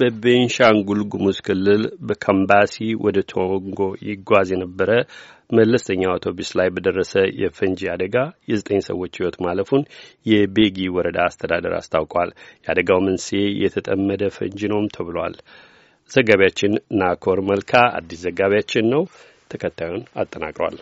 በቤንሻንጉል ጉሙዝ ክልል በካምባሲ ወደ ቶንጎ ይጓዝ የነበረ መለስተኛ አውቶቡስ ላይ በደረሰ የፈንጂ አደጋ የዘጠኝ ሰዎች ሕይወት ማለፉን የቤጊ ወረዳ አስተዳደር አስታውቋል። የአደጋው መንስኤ የተጠመደ ፈንጂ ነውም ተብሏል። ዘጋቢያችን ናኮር መልካ አዲስ ዘጋቢያችን ነው፣ ተከታዩን አጠናቅሯል።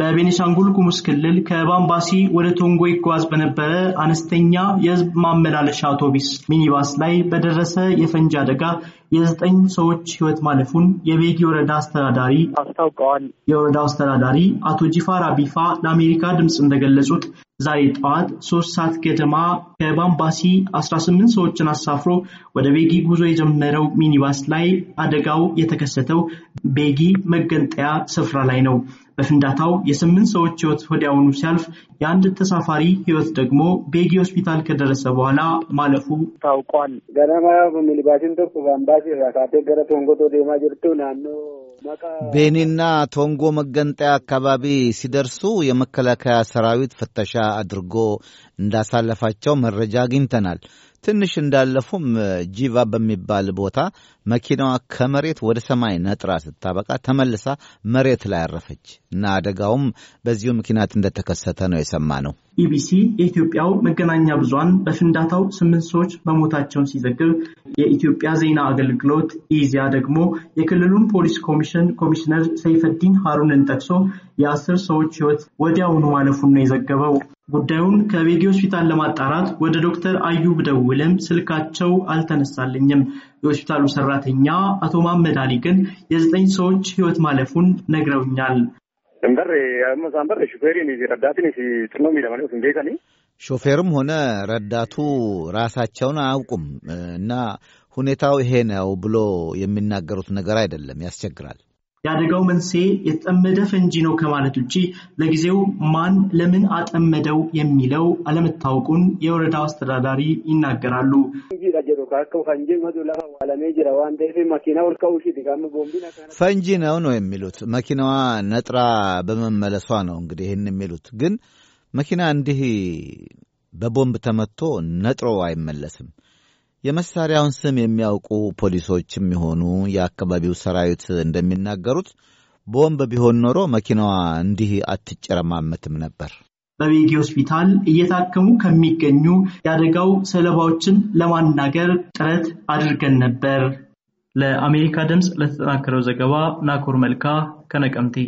በቤኒሻንጉል ጉሙዝ ክልል ከባምባሲ ወደ ቶንጎ ይጓዝ በነበረ አነስተኛ የህዝብ ማመላለሻ አውቶቢስ ሚኒባስ ላይ በደረሰ የፈንጂ አደጋ የዘጠኝ ሰዎች ህይወት ማለፉን የቤጊ ወረዳ አስተዳዳሪ አስታውቀዋል። የወረዳው አስተዳዳሪ አቶ ጂፋ አቢፋ ለአሜሪካ ድምፅ እንደገለጹት ዛሬ ጠዋት ሶስት ሰዓት ገደማ ከባምባሲ 18 ሰዎችን አሳፍሮ ወደ ቤጊ ጉዞ የጀመረው ሚኒባስ ላይ አደጋው የተከሰተው ቤጊ መገንጠያ ስፍራ ላይ ነው። በፍንዳታው የስምንት ሰዎች ሕይወት ወዲያውኑ ሲያልፍ የአንድ ተሳፋሪ ሕይወት ደግሞ ቤጊ ሆስፒታል ከደረሰ በኋላ ማለፉ ታውቋል። ገናማ ሚኒባሲን ቶኮ ባምባሲ ገረ ቶንጎቶ ዴማ ጅርቱ ናኖ ቤኒና ቶንጎ መገንጠያ አካባቢ ሲደርሱ የመከላከያ ሰራዊት ፍተሻ አድርጎ እንዳሳለፋቸው መረጃ አግኝተናል። ትንሽ እንዳለፉም ጂቫ በሚባል ቦታ መኪናዋ ከመሬት ወደ ሰማይ ነጥራ ስታበቃ ተመልሳ መሬት ላይ አረፈች እና አደጋውም በዚሁ ምክንያት እንደተከሰተ ነው ነው። ኢቢሲ የኢትዮጵያው መገናኛ ብዙሃን በፍንዳታው ስምንት ሰዎች መሞታቸውን ሲዘግብ የኢትዮጵያ ዜና አገልግሎት ኢዚያ ደግሞ የክልሉን ፖሊስ ኮሚሽን ኮሚሽነር ሰይፈዲን ሀሩንን ጠቅሶ የአስር ሰዎች ሕይወት ወዲያውኑ ማለፉን ነው የዘገበው። ጉዳዩን ከቤጌ ሆስፒታል ለማጣራት ወደ ዶክተር አዩብ ደውልም ስልካቸው አልተነሳልኝም። የሆስፒታሉ ሰራተኛ አቶ መሐመድ አሊ ግን የዘጠኝ ሰዎች ህይወት ማለፉን ነግረውኛል። ሾፌርም ሆነ ረዳቱ ራሳቸውን አያውቁም እና ሁኔታው ይሄ ነው ብሎ የሚናገሩት ነገር አይደለም፣ ያስቸግራል። የአደጋው መንስኤ የተጠመደ ፈንጂ ነው ከማለት ውጭ ለጊዜው ማን ለምን አጠመደው የሚለው አለመታወቁን የወረዳው አስተዳዳሪ ይናገራሉ። ፈንጂ ነው ነው የሚሉት መኪናዋ ነጥራ በመመለሷ ነው እንግዲህ ይህን የሚሉት ግን መኪና እንዲህ በቦምብ ተመቶ ነጥሮ አይመለስም። የመሳሪያውን ስም የሚያውቁ ፖሊሶችም የሆኑ የአካባቢው ሰራዊት እንደሚናገሩት ቦምብ ቢሆን ኖሮ መኪናዋ እንዲህ አትጨረማመትም ነበር። በቤጌ ሆስፒታል እየታከሙ ከሚገኙ የአደጋው ሰለባዎችን ለማናገር ጥረት አድርገን ነበር። ለአሜሪካ ድምፅ ለተጠናከረው ዘገባ ናኮር መልካ ከነቀምቴ